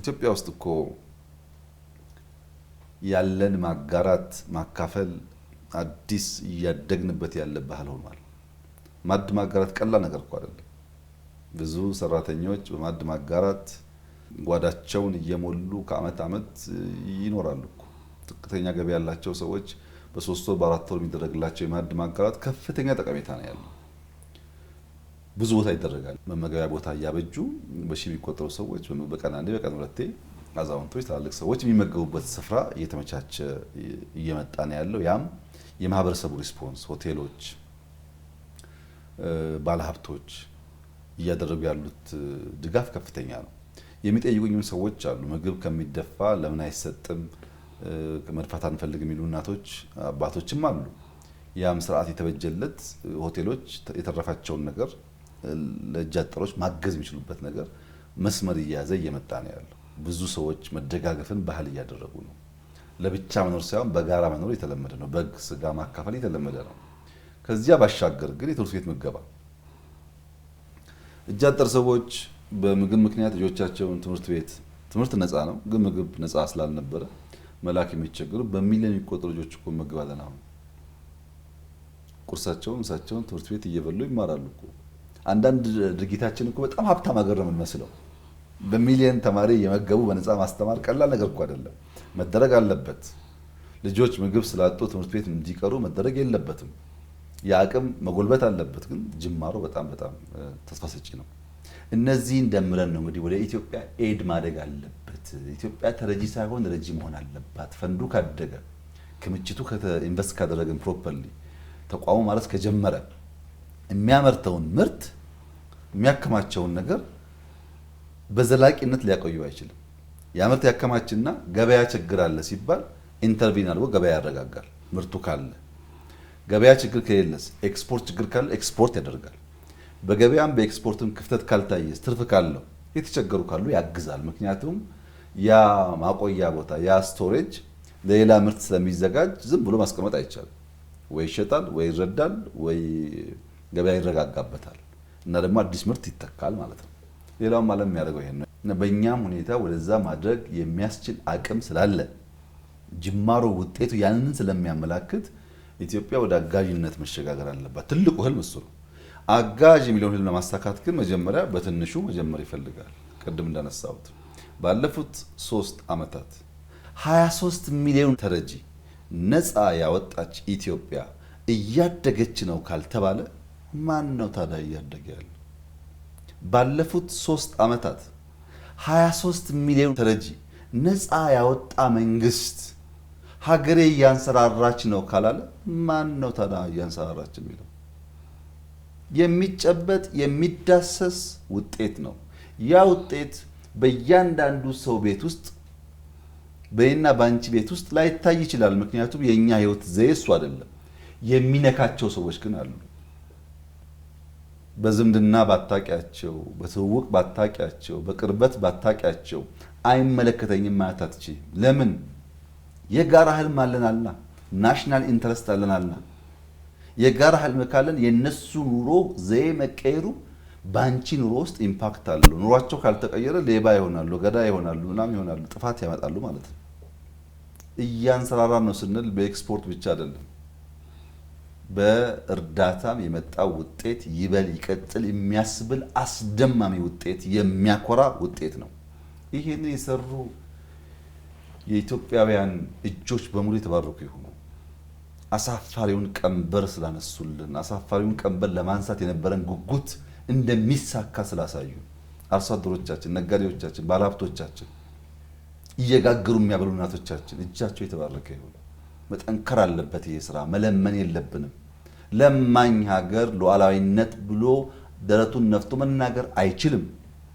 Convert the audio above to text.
ኢትዮጵያ ውስጥ እኮ ያለን ማጋራት ማካፈል አዲስ እያደግንበት ያለ ባህል ሆኗል። ማዕድ ማጋራት ቀላል ነገር እኮ አይደለም። ብዙ ሰራተኞች በማዕድ ማጋራት ጓዳቸውን እየሞሉ ከአመት አመት ይኖራሉ። ዝቅተኛ ገቢ ያላቸው ሰዎች በሶስት ወር በአራት ወር የሚደረግላቸው የማዕድ ማጋራት ከፍተኛ ጠቀሜታ ነው ያለው። ብዙ ቦታ ይደረጋል። መመገቢያ ቦታ እያበጁ በሺ የሚቆጠሩ ሰዎች በቀን አንዴ በቀን ሁለቴ አዛውንቶች፣ ትላልቅ ሰዎች የሚመገቡበት ስፍራ እየተመቻቸ እየመጣ ነው ያለው። ያም የማህበረሰቡ ሪስፖንስ ሆቴሎች፣ ባለሀብቶች እያደረጉ ያሉት ድጋፍ ከፍተኛ ነው። የሚጠይቁኝም ሰዎች አሉ። ምግብ ከሚደፋ ለምን አይሰጥም? መድፋት አንፈልግ የሚሉ እናቶች አባቶችም አሉ። ያም ስርዓት የተበጀለት ሆቴሎች የተረፋቸውን ነገር ለእጅ አጠሮች ማገዝ የሚችሉበት ነገር መስመር እየያዘ እየመጣ ነው ያለው። ብዙ ሰዎች መደጋገፍን ባህል እያደረጉ ነው። ለብቻ መኖር ሳይሆን በጋራ መኖር የተለመደ ነው። በግ ስጋ ማካፈል የተለመደ ነው። ከዚያ ባሻገር ግን የትምህርት ቤት ምገባ እጅ አጠር ሰዎች በምግብ ምክንያት ልጆቻቸውን ትምህርት ቤት ትምህርት ነፃ ነው፣ ግን ምግብ ነፃ ስላልነበረ መላክ የሚቸገሩ በሚሊዮን የሚቆጠሩ ልጆች እኮ መግብ አለን። አሁን ቁርሳቸውን፣ ምሳቸውን ትምህርት ቤት እየበሉ ይማራሉ እኮ። አንዳንድ ድርጊታችን እኮ በጣም ሀብታም ሀገር ነው የምንመስለው። በሚሊየን ተማሪ እየመገቡ በነፃ ማስተማር ቀላል ነገር እኮ አይደለም፣ መደረግ አለበት። ልጆች ምግብ ስላጡ ትምህርት ቤት እንዲቀሩ መደረግ የለበትም። የአቅም መጎልበት አለበት። ግን ጅማሮ በጣም በጣም ተስፋ ሰጪ ነው። እነዚህን ደምረን ነው እንግዲህ ወደ ኢትዮጵያ ኤድ ማደግ አለበት። ኢትዮጵያ ተረጂ ሳይሆን ረጂ መሆን አለባት። ፈንዱ ካደገ፣ ክምችቱ ኢንቨስት ካደረግን፣ ፕሮፐርሊ ተቋሙ ማለት ከጀመረ የሚያመርተውን ምርት የሚያከማቸውን ነገር በዘላቂነት ሊያቆዩ አይችልም። ያ ምርት ያከማችና ገበያ ችግር አለ ሲባል ኢንተርቪን አድርጎ ገበያ ያረጋጋል። ምርቱ ካለ ገበያ ችግር ከሌለስ ኤክስፖርት ችግር ካለ ኤክስፖርት ያደርጋል። በገበያም በኤክስፖርትም ክፍተት ካልታየስ ትርፍ ካለው የተቸገሩ ካሉ ያግዛል። ምክንያቱም ያ ማቆያ ቦታ ያ ስቶሬጅ ለሌላ ምርት ስለሚዘጋጅ ዝም ብሎ ማስቀመጥ አይቻልም። ወይ ይሸጣል ወይ ይረዳል ወይ ገበያ ይረጋጋበታል እና ደግሞ አዲስ ምርት ይተካል ማለት ነው። ሌላውም ዓለም የሚያደርገው ይሄን ነው እና በእኛም ሁኔታ ወደዛ ማድረግ የሚያስችል አቅም ስላለ ጅማሮ ውጤቱ ያንን ስለሚያመላክት ኢትዮጵያ ወደ አጋዥነት መሸጋገር አለባት። ትልቁ ህልም እሱ ነው። አጋዥ የሚለውን ህልም ለማሳካት ግን መጀመሪያ በትንሹ መጀመር ይፈልጋል። ቅድም እንዳነሳሁት ባለፉት ሶስት ዓመታት 23 ሚሊዮን ተረጂ ነፃ ያወጣች ኢትዮጵያ እያደገች ነው ካልተባለ ማን ነው ታዲያ እያደገ ያለ? ባለፉት ሶስት ዓመታት 23 ሚሊዮን ተረጂ ነፃ ያወጣ መንግስት ሀገሬ እያንሰራራች ነው ካላለ ማን ነው ታዲያ እያንሰራራች የሚለው? የሚጨበጥ የሚዳሰስ ውጤት ነው። ያ ውጤት በእያንዳንዱ ሰው ቤት ውስጥ በእኔና በአንቺ ቤት ውስጥ ላይታይ ይችላል። ምክንያቱም የእኛ ህይወት ዘይ እሱ አይደለም። የሚነካቸው ሰዎች ግን አሉ። በዝምድና ባታቂያቸው፣ በትውውቅ ባታቂያቸው፣ በቅርበት ባታቂያቸው አይመለከተኝም ማለት አትችይም። ለምን? የጋራ ህልም አለን ናሽናል ኢንተረስት አለናላ። የጋራ ህልም ካለን የነሱ ኑሮ ዘዬ መቀየሩ በአንቺ ኑሮ ውስጥ ኢምፓክት አለው። ኑሯቸው ካልተቀየረ ሌባ ይሆናሉ፣ ገዳ ይሆናሉ፣ ምናምን ይሆናሉ፣ ጥፋት ያመጣሉ ማለት ነው። እያንሰራራን ነው ስንል በኤክስፖርት ብቻ አይደለም። በእርዳታም የመጣው ውጤት ይበል ይቀጥል የሚያስብል አስደማሚ ውጤት፣ የሚያኮራ ውጤት ነው። ይህን የሰሩ የኢትዮጵያውያን እጆች በሙሉ የተባረኩ ይሁኑ። አሳፋሪውን ቀንበር ስላነሱልን፣ አሳፋሪውን ቀንበር ለማንሳት የነበረን ጉጉት እንደሚሳካ ስላሳዩ አርሶ አደሮቻችን፣ ነጋዴዎቻችን፣ ባለሀብቶቻችን፣ እየጋገሩ የሚያበሉ እናቶቻችን እጃቸው የተባረከ ይሁን። መጠንከር አለበት ይህ ስራ፣ መለመን የለብንም። ለማኝ ሀገር ሉዓላዊነት ብሎ ደረቱን ነፍቶ መናገር አይችልም።